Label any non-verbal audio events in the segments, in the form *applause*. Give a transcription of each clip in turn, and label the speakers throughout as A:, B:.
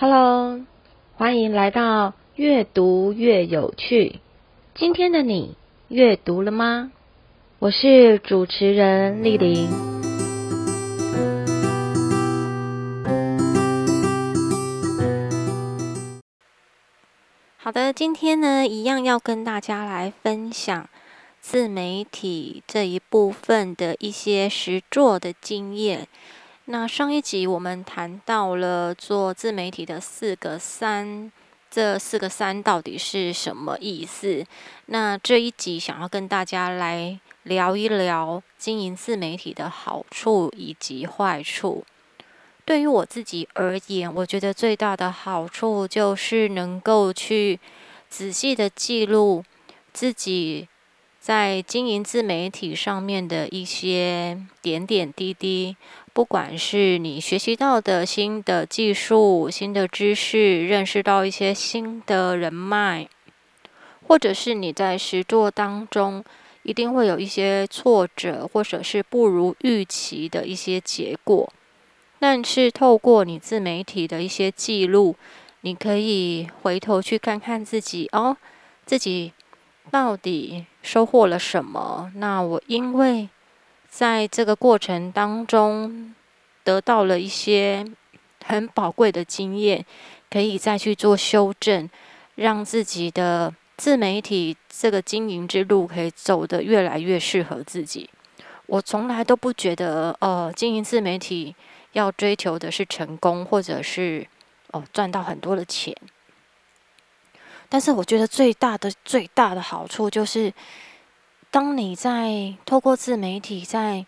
A: Hello，歡迎來到越讀越有趣。今天的你閱讀了嗎？我是主持人麗玲。好的，今天呢，一樣要跟大家來分享自媒體這一部分的一些實作的經驗。那上一集我們談到了做自媒體的四個三，這四個三到底是什麼意思？那這一集想要跟大家來聊一聊經營自媒體的好處以及壞處。對於我自己而言，我覺得最大的好處就是能夠去仔細的記錄自己在經營自媒體上面的一些點點滴滴。不管是你學習到的新的技術、新的知識，認識到一些新的人脈，或者是你在實作當中一定會有一些挫折，或者是不如預期的一些結果，但是透過你自媒體的一些記錄，你可以回頭去看看自己哦，自己到底收穫了什麼？那我因為，在這個過程當中，得到了一些很寶貴的經驗，可以再去做修正，讓自己的自媒體這個經營之路可以走得越來越適合自己。我從來都不覺得，呃，經營自媒體要追求的是成功，或者是哦、呃、賺到很多的錢。但是我覺得最大的最大的好處就是。當你在透過自媒體在，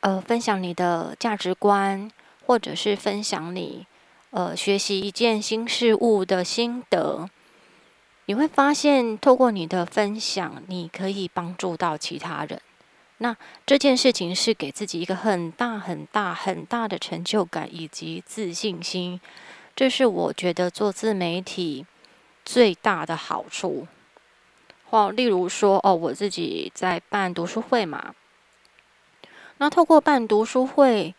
A: 呃，分享你的價值觀，或者是分享你，呃，學習一件新事物的心得，你會發現，透過你的分享，你可以幫助到其他人。那這件事情是給自己一個很大、很大、很大的成就感以及自信心。這是我覺得做自媒體最大的好處。或例如說，哦，我自己在辦讀書會嘛。那透過辦讀書會，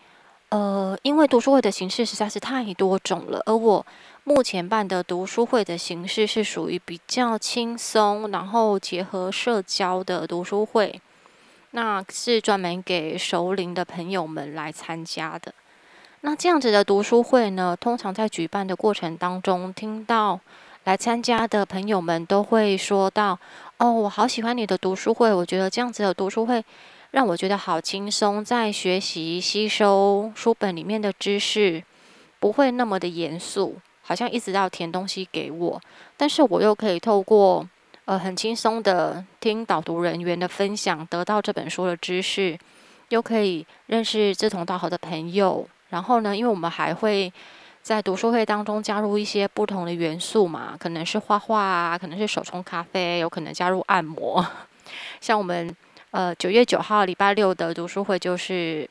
A: 呃，因為讀書會的形式實在是太多種了，而我目前辦的讀書會的形式是屬於比較輕鬆，然後結合社交的讀書會，那是專門給熟齡的朋友們來參加的。那這樣子的讀書會呢，通常在舉辦的過程當中，聽到。來參加的朋友們都會說到：“哦，我好喜歡你的讀書會，我覺得這樣子的讀書會讓我覺得好輕鬆，在學習吸收書本裡面的知識，不會那麼的嚴肅，好像一直要填東西給我。但是我又可以透過呃很輕鬆的聽導讀人員的分享，得到這本書的知識，又可以認識志同道合的朋友。然後呢，因為我們還會。”在讀書會當中加入一些不同的元素嘛，可能是畫畫啊，可能是手沖咖啡，有可能加入按摩。像我們呃九月九號禮拜六的讀書會就是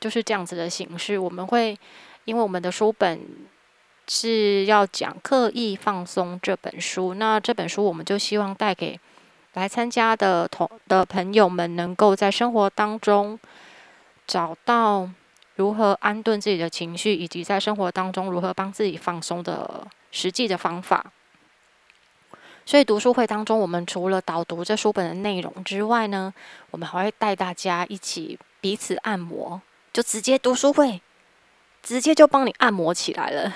A: 就是這樣子的形式。我們會因為我們的書本是要講刻意放鬆這本書，那這本書我們就希望帶給來參加的同的朋友們，能夠在生活當中找到。如何安頓自己的情緒，以及在生活當中如何幫自己放鬆的實際的方法。所以讀書會當中，我們除了導讀這書本的內容之外呢，我們還會帶大家一起彼此按摩，就直接讀書會，直接就幫你按摩起來了。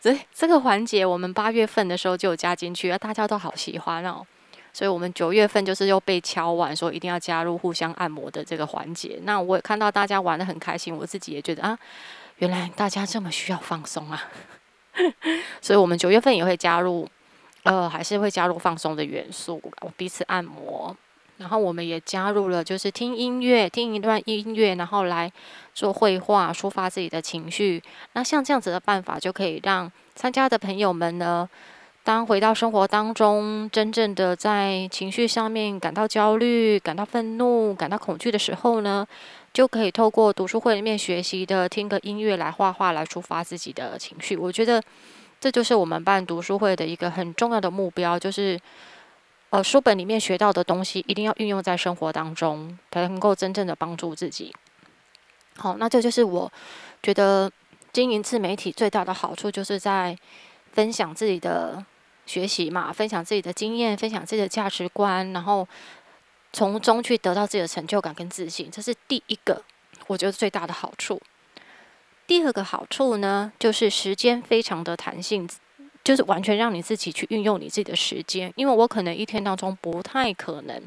A: 所 *laughs* 以這個環節，我們八月份的時候就有加進去，大家都好喜歡哦。所以，我們九月份就是又被敲完，說一定要加入互相按摩的這個環節。那我也看到大家玩得很開心，我自己也覺得啊，原來大家這麼需要放鬆啊。 *laughs* 所以，我們九月份也會加入，呃，還是會加入放鬆的元素，彼此按摩。然後，我們也加入了就是聽音樂，聽一段音樂，然後來做繪畫，抒發自己的情緒。那像這樣子的辦法，就可以讓參加的朋友們呢。當回到生活當中，真正的在情緒上面感到焦慮、感到憤怒、感到恐懼的時候呢，就可以透過讀書會裡面學習的，聽個音樂來畫畫來抒發自己的情緒。我覺得，這就是我們辦讀書會的一個很重要的目標，就是，呃，書本裡面學到的東西一定要運用在生活當中，才能夠真正的幫助自己。好，那這就是我覺得經營自媒體最大的好處，就是在分享自己的。學習嘛，分享自己的經驗，分享自己的價值觀，然後從中去得到自己的成就感跟自信，這是第一個，我覺得最大的好處。第二個好處呢，就是時間非常的彈性，就是完全讓你自己去運用你自己的時間。因為我可能一天當中不太可能，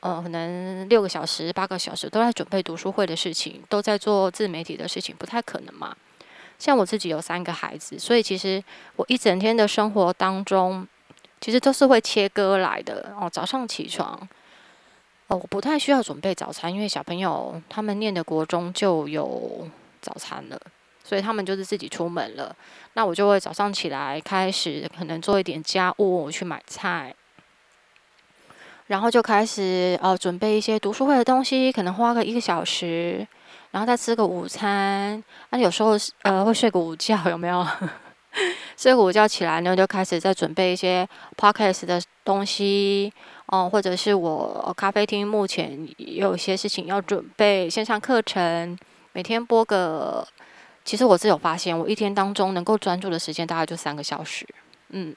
A: 呃，可能六個小時、八個小時都在準備讀書會的事情，都在做自媒體的事情，不太可能嘛。像我自己有三個孩子，所以其實我一整天的生活當中，其實都是會切割來的哦。早上起床，哦，我不太需要準備早餐，因為小朋友他們念的國中就有早餐了，所以他們就是自己出門了。那我就會早上起來開始，可能做一點家務，去買菜，然後就開始哦，準備一些讀書會的東西，可能花個一個小時。然後再吃個午餐，啊，有時候呃會睡個午覺，有沒有？ *laughs* 睡個午覺起來呢，就開始在準備一些 Podcast 的東西，哦、嗯，或者是我咖啡廳目前有一些事情要準備線上課程，每天播個。其實我自有發現，我一天當中能夠專注的時間大概就三個小時，嗯。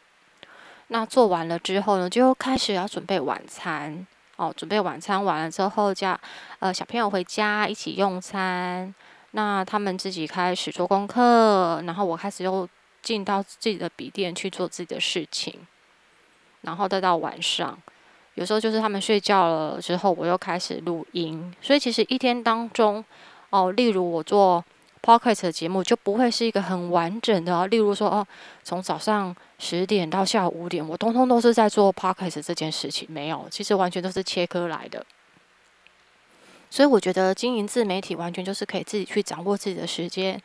A: 那做完了之後呢，就開始要準備晚餐。準備晚餐，完了之後叫呃小朋友回家一起用餐，那他們自己開始做功課，然後我開始又進到自己的筆電去做自己的事情，然後再到，到晚上，有時候就是他們睡覺了之後，我又開始錄音。所以其實一天當中，哦、呃，例如我做。Podcast 的節目就不會是一個很完整的，例如說哦，從早上十點到下午五點，我通通都是在做 Podcast 這件事情，沒有，其實完全都是切割來的。所以我覺得經營自媒體完全就是可以自己去掌握自己的時間，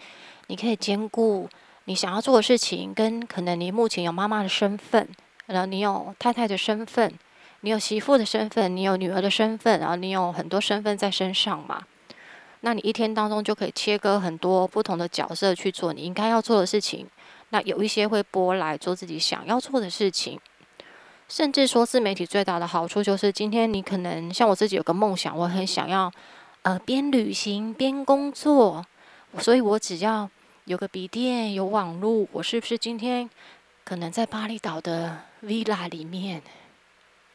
A: 你可以兼顧你想要做的事情，跟可能你目前有媽媽的身份，然後你有太太的身份，你有媳婦的身份，你有女兒的身份，然後你有很多身份在身上嘛。那你一天當中就可以切割很多不同的角色去做你應該要做的事情。那有一些會撥來做自己想要做的事情，甚至說自媒體最大的好處就是，今天你可能像我自己有個夢想，我很想要，呃，邊旅行邊工作，所以我只要有個筆電、有網絡，我是不是今天可能在巴厘島的 villa 裡面，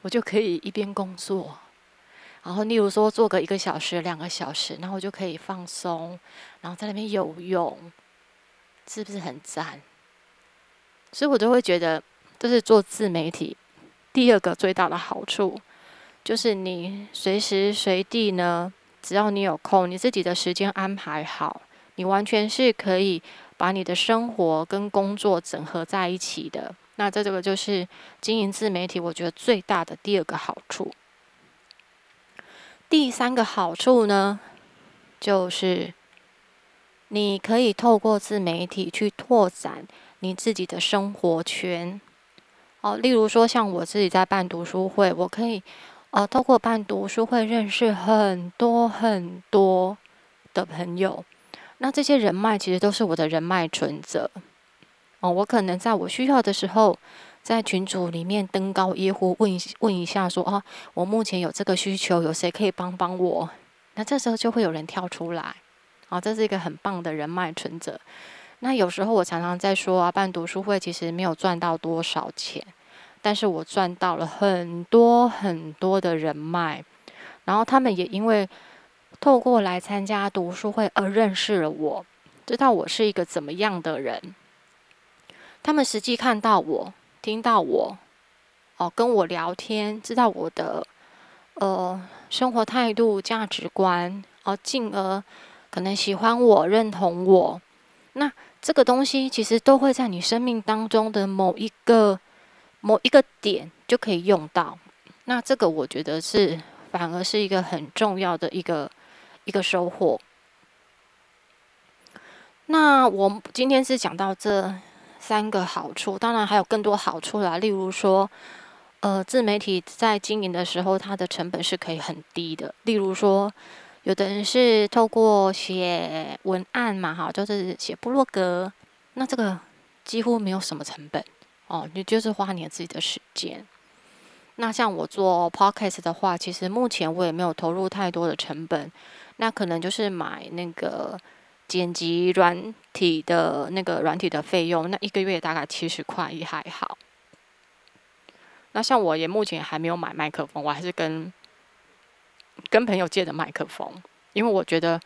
A: 我就可以一邊工作。然後，例如說，做個一個小時、兩個小時，然後我就可以放鬆，然後在那邊游泳，是不是很讚？所以，我就會覺得這是做自媒體第二個最大的好處，就是你隨時隨地呢，只要你有空，你自己的時間安排好，你完全是可以把你的生活跟工作整合在一起的。那這這個就是經營自媒體，我覺得最大的第二個好處。第三個好處呢，就是你可以透過自媒體去拓展你自己的生活圈。哦，例如說像我自己在辦讀書會，我可以，呃，透過辦讀書會認識很多很多的朋友。那這些人脈其實都是我的人脈存折。哦，我可能在我需要的時候。在群組裡面登高一呼，問問一下，說：“哦、啊，我目前有這個需求，有誰可以幫幫我？”那這時候就會有人跳出來，啊，這是一個很棒的人脈存折。那有時候我常常在說啊，辦讀書會其實沒有賺到多少錢，但是我賺到了很多很多的人脈。然後他們也因為透過來參加讀書會而認識了我，知道我是一個怎麼樣的人。他們實際看到我。聽到我，哦，跟我聊天，知道我的，呃，生活態度、價值觀，而、哦、進而可能喜歡我、認同我，那這個東西其實都會在你生命當中的某一個、某一個點就可以用到。那這個我覺得是反而是一個很重要的一個一個收穫。那我今天是講到這。三個好處，當然還有更多好處啦。例如說，呃，自媒體在經營的時候，它的成本是可以很低的。例如說，有的人是透過寫文案嘛，哈，就是寫部落格，那這個幾乎沒有什麼成本哦，你就是花你自己的時間。那像我做 podcast 的話，其實目前我也沒有投入太多的成本，那可能就是買那個。剪輯軟體的那個軟體的費用，那一個月大概七十塊也還好。那像我也目前還沒有買麥克風，我還是跟跟朋友借的麥克風，因為我覺得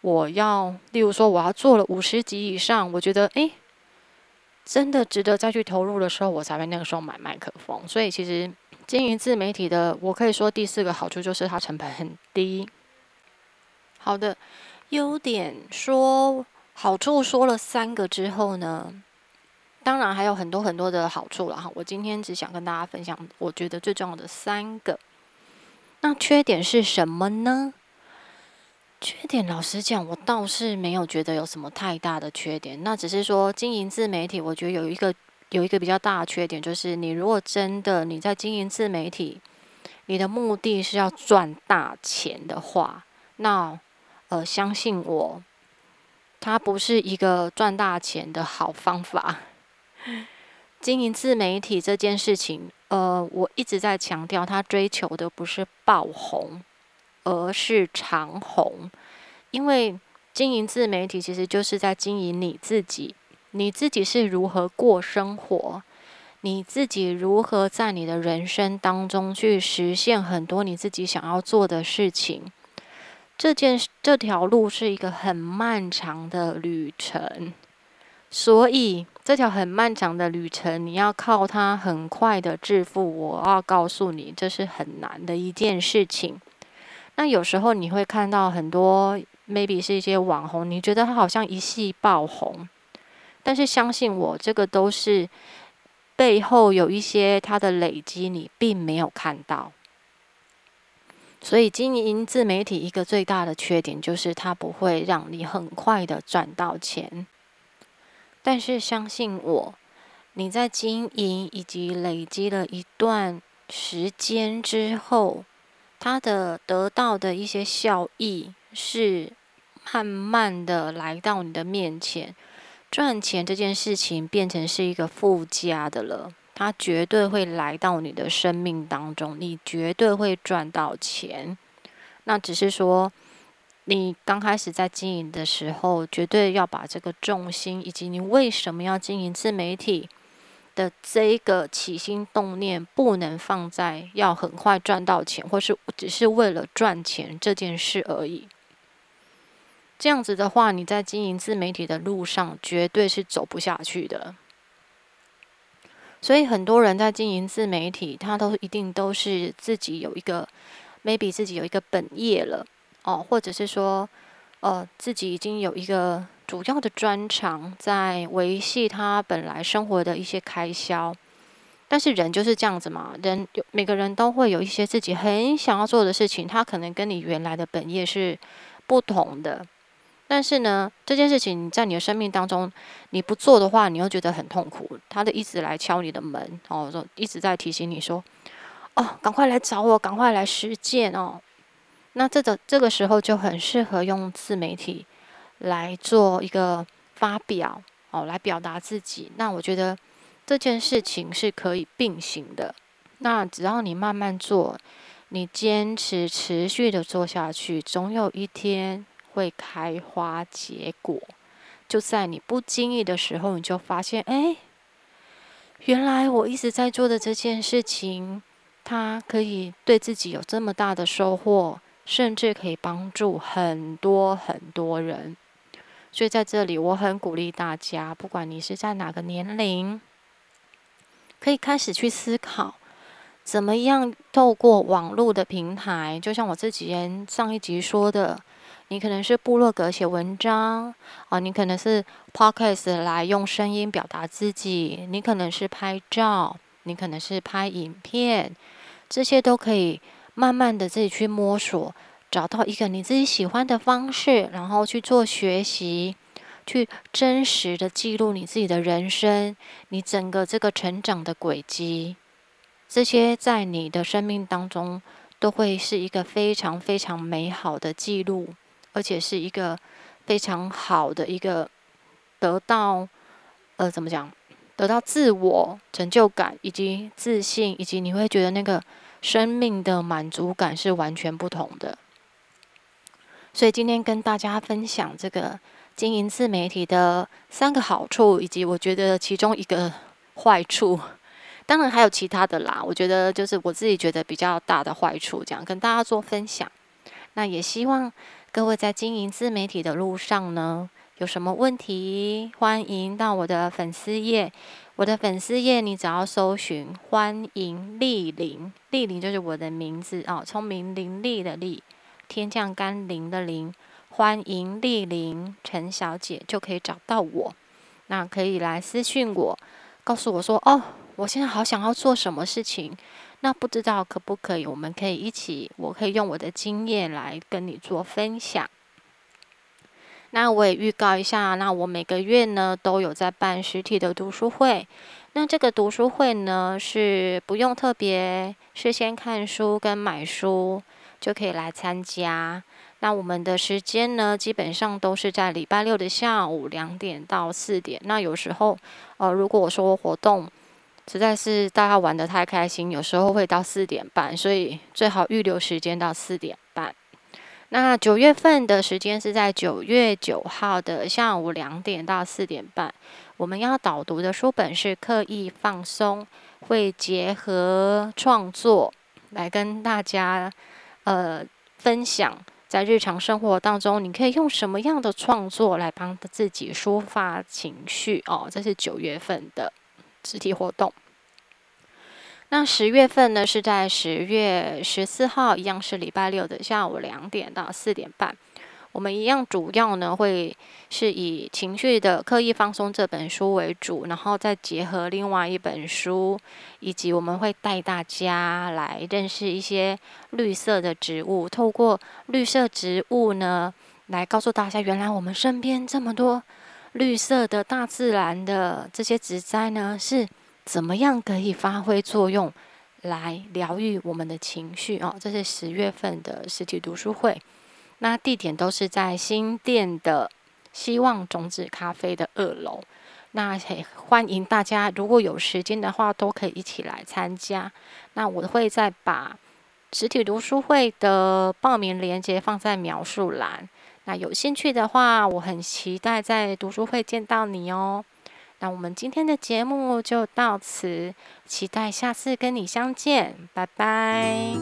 A: 我要，例如說我要做了五十集以上，我覺得誒、欸、真的值得再去投入的時候，我才會那個時候買麥克風。所以其實經營自媒體的，我可以說第四個好處就是它成本很低。好的。優點說好處說了三個之後呢，當然還有很多很多的好處了哈。我今天只想跟大家分享我覺得最重要的三個。那缺點是什麼呢？缺點，老實講，我倒是沒有覺得有什麼太大的缺點。那只是說，經營自媒體，我覺得有一個有一個比較大的缺點，就是你如果真的你在經營自媒體，你的目的是要賺大錢的話，那。呃，相信我，它不是一個賺大錢的好方法。經營自媒體這件事情，呃，我一直在強調，它追求的不是爆紅，而是長紅。因為經營自媒體，其實就是在經營你自己，你自己是如何過生活，你自己如何在你的人生當中去實現很多你自己想要做的事情。這件這條路是一個很漫長的旅程，所以這條很漫長的旅程，你要靠它很快的致富，我要告訴你，這是很難的一件事情。那有時候你會看到很多，maybe 是一些網紅，你覺得他好像一夕爆紅，但是相信我，這個都是背後有一些他的累積，你並沒有看到。所以經營自媒體一個最大的缺點就是它不會讓你很快的賺到錢。但是相信我，你在經營以及累積了一段時間之後，它的得到的一些效益是慢慢的來到你的面前。賺錢這件事情變成是一個附加的了。他絕對會來到你的生命當中，你絕對會賺到錢。那只是說，你剛開始在經營的時候，絕對要把這個重心，以及你為什麼要經營自媒體的這個起心動念，不能放在要很快賺到錢，或是只是為了賺錢這件事而已。這樣子的話，你在經營自媒體的路上，絕對是走不下去的。所以很多人在經營自媒體，他都一定都是自己有一個，maybe 自己有一個本業了，哦，或者是說，呃，自己已經有一個主要的專長，在維繫他本來生活的一些開銷。但是人就是這樣子嘛，人有每個人都會有一些自己很想要做的事情，他可能跟你原來的本業是不同的。但是呢，這件事情在你的生命當中，你不做的話，你又覺得很痛苦。他就一直來敲你的門哦，說一直在提醒你說，哦，趕快來找我，趕快來實踐哦。那這個這個時候就很適合用自媒體來做一個發表哦，來表達自己。那我覺得這件事情是可以並行的。那只要你慢慢做，你堅持持續的做下去，總有一天。會開花結果，就在你不經意的時候，你就發現，哎，原來我一直在做的這件事情，它可以對自己有這麼大的收穫，甚至可以幫助很多很多人。所以在這裡，我很鼓勵大家，不管你是在哪個年齡，可以開始去思考，怎麼樣透過網絡的平台，就像我這幾天上一集說的。你可能是部落格寫文章啊，你可能是 podcast 來用聲音表達自己，你可能是拍照，你可能是拍影片，這些都可以慢慢的自己去摸索，找到一個你自己喜歡的方式，然後去做學習，去真實的記錄你自己的人生，你整個這個成長的軌跡，這些在你的生命當中都會是一個非常非常美好的記錄。而且是一個非常好的一個得到，呃，怎麼講？得到自我成就感，以及自信，以及你會覺得那個生命的滿足感是完全不同的。所以今天跟大家分享這個經營自媒體的三個好處，以及我覺得其中一個壞處，當然還有其他的啦。我覺得就是我自己覺得比較大的壞處，這樣跟大家做分享。那也希望。各位在經營自媒體的路上呢，有什麼問題，歡迎到我的粉絲頁。我的粉絲頁，你只要搜尋“歡迎蒞臨”，“蒞臨”就是我的名字哦。聰明伶俐的“俐”，天降甘霖的“霖”，歡迎蒞臨陳小姐，就可以找到我。那可以來私訊我，告訴我說：“哦，我現在好想要做什麼事情。”那不知道可不可以？我們可以一起，我可以用我的經驗來跟你做分享。那我也預告一下，那我每個月呢都有在辦實體的讀書會。那這個讀書會呢，是不用特別事先看書跟買書就可以來參加。那我們的時間呢基本上都是在禮拜六的下午兩點到四點。那有時候，呃，如果我說活動，實在是大家玩得太開心，有時候會到四點半，所以最好預留時間到四點半。那九月份的時間是在九月九號的下午兩點到四點半。我們要導讀的書本是《刻意放鬆》，會結合創作來跟大家呃分享，在日常生活當中，你可以用什麼樣的創作來幫自己抒發情緒哦，這是九月份的實體活動，那十月份呢？是在十月十四號，一樣是禮拜六的下午兩點到四點半。我們一樣主要呢會是以《情緒的刻意放鬆》這本書為主，然後再結合另外一本書，以及我們會帶大家來認識一些綠色的植物，透過綠色植物呢來告訴大家，原來我們身邊這麼多。綠色的大自然的這些植栽呢，是怎麼樣可以發揮作用來療癒我們的情緒？哦，這是十月份的實體讀書會，那地點都是在新店的希望種子咖啡的二樓。那很歡迎大家，如果有時間的話，都可以一起來參加。那我會再把實體讀書會的報名鏈接放在描述欄。那有興趣的話，我很期待在讀書會見到你哦。那我們今天的節目就到此，期待下次跟你相見，拜拜。